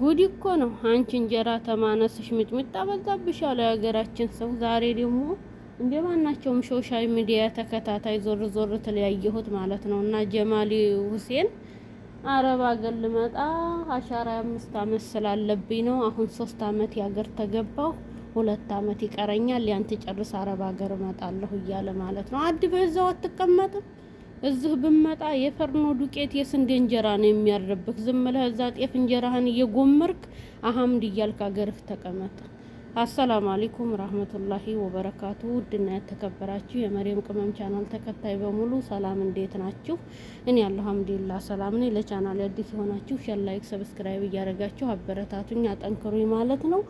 ጉድ እኮ ነው። አንቺ እንጀራ ተማነስሽ ሚጥሚጣ በዛብሻል። የሀገራችን ሰው ዛሬ ደግሞ እንደ ማናቸውም ሶሻል ሚዲያ ተከታታይ ዞር ዞር ተለያየሁት ማለት ነው። እና ጀማሊ ሁሴን አረብ አገር ልመጣ አሻራ አምስት አመት ስላለብኝ ነው። አሁን ሶስት አመት ያገር ተገባሁ ሁለት አመት ይቀረኛል። ያን ጨርስ አረብ አገር እመጣለሁ እያለ ማለት ነው። አድ በዛው አትቀመጥም እዚህ ብመጣ የፈርኖ ዱቄት የስንዴ እንጀራ ነው የሚያርብህ። ዝም ብለህ እዛ ጤፍ እንጀራህን እየጎመርክ አሀምድ እያልክ አገርህ ተቀመጠ። አሰላሙ አለይኩም ረህመቱላሂ ወበረካቱ። ውድና የተከበራችሁ የመሪም ቅመም ቻናል ተከታይ በሙሉ ሰላም፣ እንዴት ናችሁ? እኔ አልሐምዱሊላህ ሰላም ነኝ። ለቻናል አዲስ የሆናችሁ ሸር፣ ላይክ፣ ሰብስክራይብ እያደረጋችሁ አበረታቱኝ፣ አጠንክሩኝ ማለት ነው።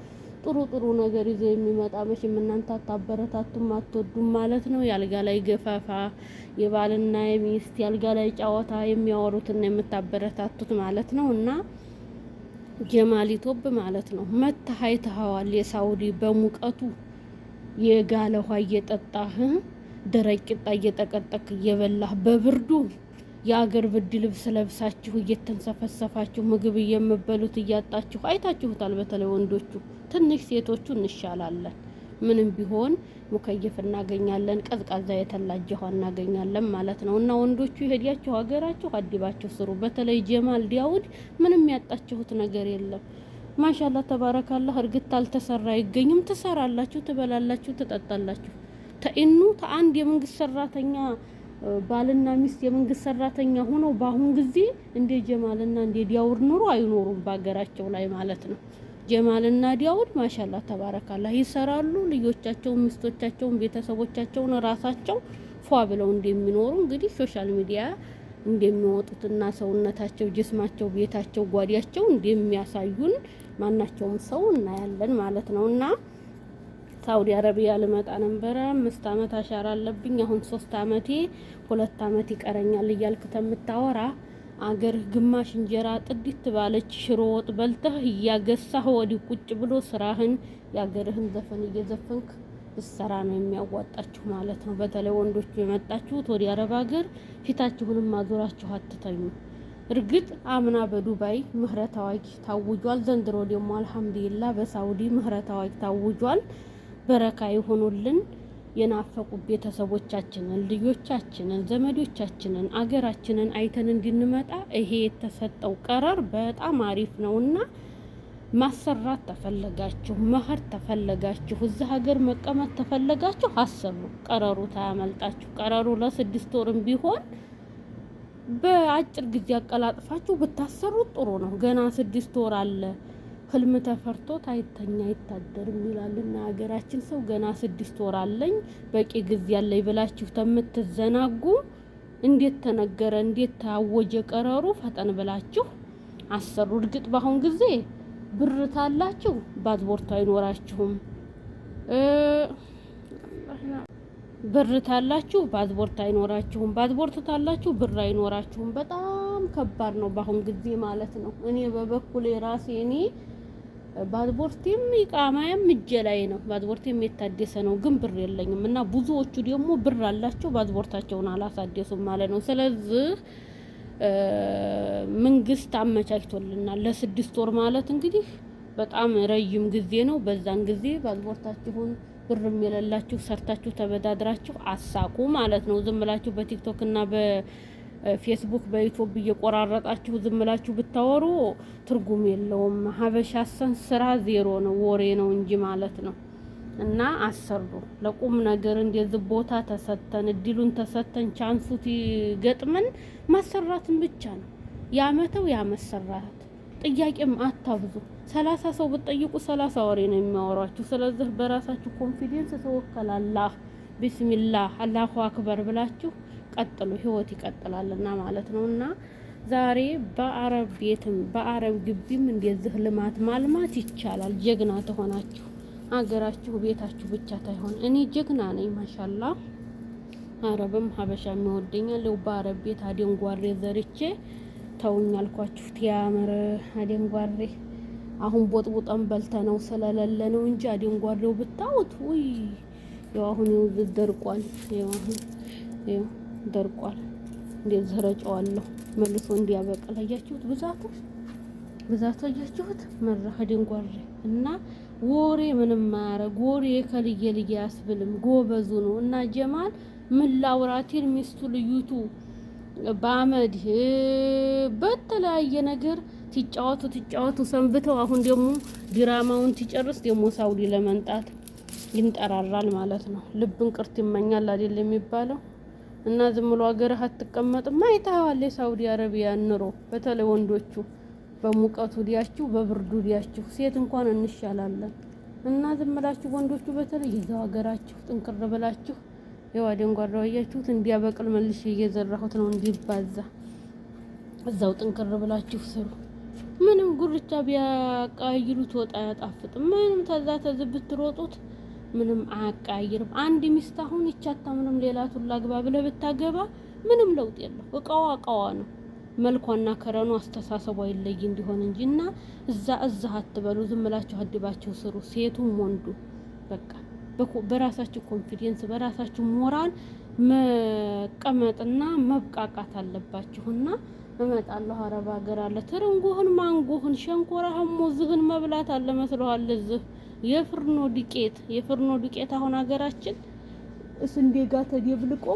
ጥሩ ጥሩ ነገር ይዞ የሚመጣ መቼም እናንተ አታበረታቱም አትወዱም ማለት ነው። የአልጋ ላይ ገፋፋ የባልና የሚስት የአልጋ ላይ ጨዋታ የሚያወሩትና የምታበረታቱት ማለት ነው እና ጀማሊቶብ ማለት ነው መታሀይ ተሀዋል የሳውዲ በሙቀቱ የጋለ ውሃ እየጠጣህ ደረቅ ቂጣ እየጠቀጠቅ እየበላህ በብርዱ የአገር ብድ ልብስ ለብሳችሁ እየተንሰፈሰፋችሁ ምግብ እየምበሉት እያጣችሁ አይታችሁታል። በተለይ ወንዶቹ ትንሽ፣ ሴቶቹ እንሻላለን። ምንም ቢሆን ሙከየፍ እናገኛለን፣ ቀዝቃዛ የተላጀኋ እናገኛለን ማለት ነው። እና ወንዶቹ የሄዳችሁ ሀገራችሁ አዲባችሁ ስሩ። በተለይ ጀማል ዲያውድ ምንም ያጣችሁት ነገር የለም። ማሻላ ተባረካላህ። እርግጥ አልተሰራ አይገኝም። ትሰራላችሁ፣ ትበላላችሁ፣ ትጠጣላችሁ። ተኢኑ ተአንድ የመንግስት ሰራተኛ ባልና ሚስት የመንግስት ሰራተኛ ሆነው በአሁን ጊዜ እንደ ጀማልና እንደ ዲያውር ኑሮ አይኖሩም በሀገራቸው ላይ ማለት ነው። ጀማልና ዲያውድ ማሻላ ተባረካላ ይሰራሉ። ልጆቻቸውን፣ ሚስቶቻቸውን፣ ቤተሰቦቻቸውን ራሳቸው ፏ ብለው እንደሚኖሩ እንግዲህ ሶሻል ሚዲያ እንደሚወጡትና ሰውነታቸው፣ ጅስማቸው፣ ቤታቸው፣ ጓዳቸው እንደሚያሳዩን ማናቸውም ሰው እናያለን ማለት ነው እና ሳውዲ አረቢያ ልመጣ ነበረ። አምስት አመት አሻራ አለብኝ። አሁን ሶስት አመቴ ሁለት አመት ይቀረኛል እያልክ ተምታወራ አገር ግማሽ እንጀራ ጥዲት ባለች ሽሮ ወጥ በልተህ እያገሳህ ወዲህ ቁጭ ብሎ ስራህን የአገርህን ዘፈን እየዘፈንክ ብሰራ ነው የሚያዋጣችሁ ማለት ነው። በተለይ ወንዶች የመጣችሁት ወደ አረብ ሀገር ፊታችሁንም ማዞራችሁ አትተኙ። እርግጥ አምና በዱባይ ምህረት አዋጅ ታውጇል። ዘንድሮ ደግሞ አልሐምዱሊላ በሳውዲ ምህረት አዋጅ ታውጇል። በረካ የሆኑልን የናፈቁ ቤተሰቦቻችንን፣ ልጆቻችንን፣ ዘመዶቻችንን፣ አገራችንን አይተን እንድንመጣ ይሄ የተሰጠው ቀረር በጣም አሪፍ ነውና ማሰራት ተፈለጋችሁ መኸር ተፈለጋችሁ እዚ ሀገር መቀመጥ ተፈለጋችሁ አሰሩ ቀረሩ ታያመልጣችሁ። ቀረሩ ለስድስት ወርም ቢሆን በአጭር ጊዜ አቀላጥፋችሁ ብታሰሩት ጥሩ ነው። ገና ስድስት ወር አለ። ህልም ተፈርቶ ታይተኛ አይታደርም ይላልና ሀገራችን ሰው ገና ስድስት ወር አለኝ በቂ ጊዜ አለኝ ብላችሁ ተምትዘናጉ እንዴት ተነገረ እንዴት ታወጀ ቀረሩ ፈጠን ብላችሁ አሰሩ። እርግጥ በአሁን ጊዜ ብር ታላችሁ ፓስፖርት አይኖራችሁም። ብር ታላችሁ ፓስፖርት አይኖራችሁም። ፓስፖርት ታላችሁ ብር አይኖራችሁም። በጣም ከባድ ነው በአሁን ጊዜ ማለት ነው። እኔ በበኩሌ ራሴ እኔ ባትቦርቴም ኢቃማያም እጄ ላይ ነው። ባትቦርቴም የታደሰ ነው ግን ብር የለኝም እና ብዙዎቹ ደግሞ ብር አላቸው ባድቦርታቸውን አላሳደሱም ማለት ነው። ስለዚህ መንግስት አመቻችቶልናል ለስድስት ወር ማለት እንግዲህ በጣም ረጅም ጊዜ ነው። በዛን ጊዜ ባድቦርታችሁን ብርም የሌላችሁ ሰርታችሁ ተበዳድራችሁ አሳቁ ማለት ነው። ዝም ብላችሁ በቲክቶክ እና በ ፌስቡክ በዩቱብ እየቆራረጣችሁ ዝምላችሁ ብታወሩ ትርጉም የለውም። ሀበሻ ሰን ስራ ዜሮ ነው፣ ወሬ ነው እንጂ ማለት ነው። እና አሰሩ ለቁም ነገር እንደዚህ ቦታ ተሰተን እድሉን ተሰተን ቻንሱ ገጥመን ማሰራትን ብቻ ነው ያመተው ያመሰራት ጥያቄም አታብዙ። ሰላሳ ሰው ብትጠይቁ ሰላሳ ወሬ ነው የሚያወሯችሁ። ስለዚህ በራሳችሁ ኮንፊደንስ ተወከላላህ ቢስሚላህ አላሁ አክበር ብላችሁ ቀጥሉ፣ ህይወት ይቀጥላልና ማለት ነው እና ዛሬ በአረብ ቤትም በአረብ ግቢም እንደዚህ ልማት ማልማት ይቻላል። ጀግና ተሆናችሁ አገራችሁ ቤታችሁ ብቻ ታይሆን። እኔ ጀግና ነኝ ማሻላ። አረብም ሀበሻ የሚወደኛል። ው በአረብ ቤት አደንጓሬ ዘርቼ ተውኝ አልኳችሁ። ቲያምር አደንጓሬ አሁን ቦጥቡጠን በልተ ነው ስለለለ ነው እንጂ አደንጓሬው ብታውት ውይ፣ ያው አሁን ይው ደርቋል። ያው አሁን ደርቋል። እንዴት ዘረጨዋለሁ መልሶ እንዲያበቅል አያችሁት? ብዛቱ ብዛቱ አያችሁት? መራህ ድንጓሬ እና ወሬ ምንም ማያረግ ወሬ ከልየ ልየ ያስብልም ጎበዙ ነው እና ጀማል ምን ላውራቴን ሚስቱ ልዩቱ በአመድ በተለያየ ነገር ትጫወቱ ትጫወቱ ሰንብተው አሁን ደግሞ ድራማውን ትጨርስ ደግሞ ሳውዲ ለመንጣት ይንጠራራል ማለት ነው። ልብን ቅርት ይመኛል አይደል የሚባለው። እና ዝም ብሎ ሀገርህ አትቀመጥም። አይተኸዋል የሳውዲ አረቢያ ኑሮ፣ በተለይ ወንዶቹ በሙቀቱ ዲያችሁ፣ በብርዱ ዲያችሁ፣ ሴት እንኳን እንሻላለን። እና ዝም ብላችሁ ወንዶቹ በተለይ ይዛው ሀገራችሁ ጥንቅር ብላችሁ ያው አደንጓራ ያያችሁት እንዲያበቅል መልሽ እየዘራሁት ነው እንዲባዛ እዛው ጥንቅር ብላችሁ ስሩ። ምንም ጉርቻ ቢያቃይሉት ወጣ አያጣፍጥም። ምንም ተዛ ተዝ ብትሮጡት ምንም አያቃይርም። አንድ ሚስት አሁን ይቻታ ምንም ሌላ ቱላ ግባ ብለህ ብታገባ ምንም ለውጥ የለው። እቃዋ እቃዋ ነው። መልኳና ከረኑ አስተሳሰቧ ይለይ እንዲሆን እንጂ እና እዛ እዛ አትበሉ። ዝም ብላችሁ አድባችሁ ስሩ፣ ሴቱም ወንዱ በቃ በራሳችሁ ኮንፊደንስ በራሳችሁ ሞራል መቀመጥና መብቃቃት አለባችሁና እመጣለሁ። አረብ ሀገር አለ ትርንጎህን፣ ማንጎህን፣ ሸንኮራህን፣ ሙዝህን መብላት አለ መስለዋል እዚህ የፍርኖ ዱቄት የፍርኖ ዱቄት አሁን ሀገራችን ስንዴ ጋር ተደብልቆ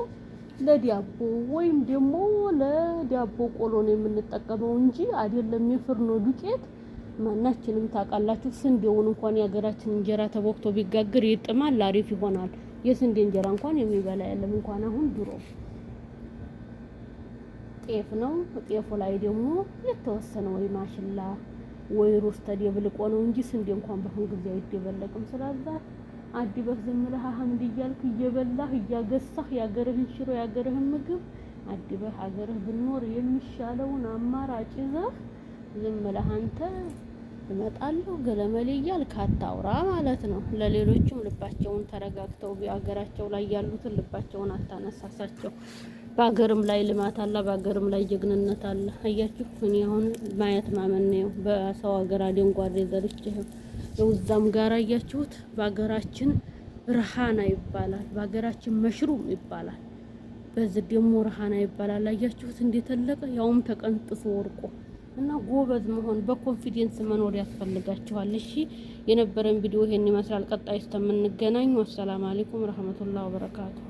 ለዳቦ ወይም ደግሞ ለዳቦ ቆሎ ነው የምንጠቀመው እንጂ አይደለም የፍርኖ ዱቄት። ማናችንም ታውቃላችሁ፣ ስንዴውን እንኳን የሀገራችን እንጀራ ተቦክቶ ቢጋግር ይጥማል፣ አሪፍ ይሆናል። የስንዴ እንጀራ እንኳን የሚበላ የለም። እንኳን አሁን ድሮ ጤፍ ነው። ጤፉ ላይ ደግሞ የተወሰነ ወይ ማሽላ ወይ ሩዝ የብልቆ ነው እንጂ ስንዴ እንኳን በአሁን ጊዜ አይደበለቅም። ስለዛ አዲበህ ዝም ብለህ አህምድ እያልክ እየበላህ እያገሳህ ያገርህን ሽሮ ያገርህን ምግብ አዲበህ አገርህ ብኖር የሚሻለውን አማራጭ ይዘህ ዝምለ አንተ እመጣለሁ ገለመሌ እያልክ አታውራ ማለት ነው። ለሌሎችም ልባቸውን ተረጋግተው ሀገራቸው ላይ ያሉትን ልባቸውን አታነሳሳቸው። በሀገርም ላይ ልማት አለ፣ በሀገርም ላይ ጀግንነት አለ። አያችሁ እኔ አሁን ማየት ማመን ነው። በሰው ሀገር አደንጓዴ ዘርቼ የውዛም ጋር አያችሁት። በሀገራችን ረሃና ይባላል፣ በሀገራችን መሽሩም ይባላል። በዚህ ደግሞ ረሃና ይባላል። አያችሁት እንደተለቀ ያውም ተቀንጥፎ ወርቆ እና ጎበዝ መሆን በኮንፊደንስ መኖር ያስፈልጋችኋል። እሺ የነበረን ቪዲዮ ይሄን ይመስላል። ቀጣይ እስከምንገናኙ ወሰላም አለይኩም ረህመቱላሂ ወበረካቱ።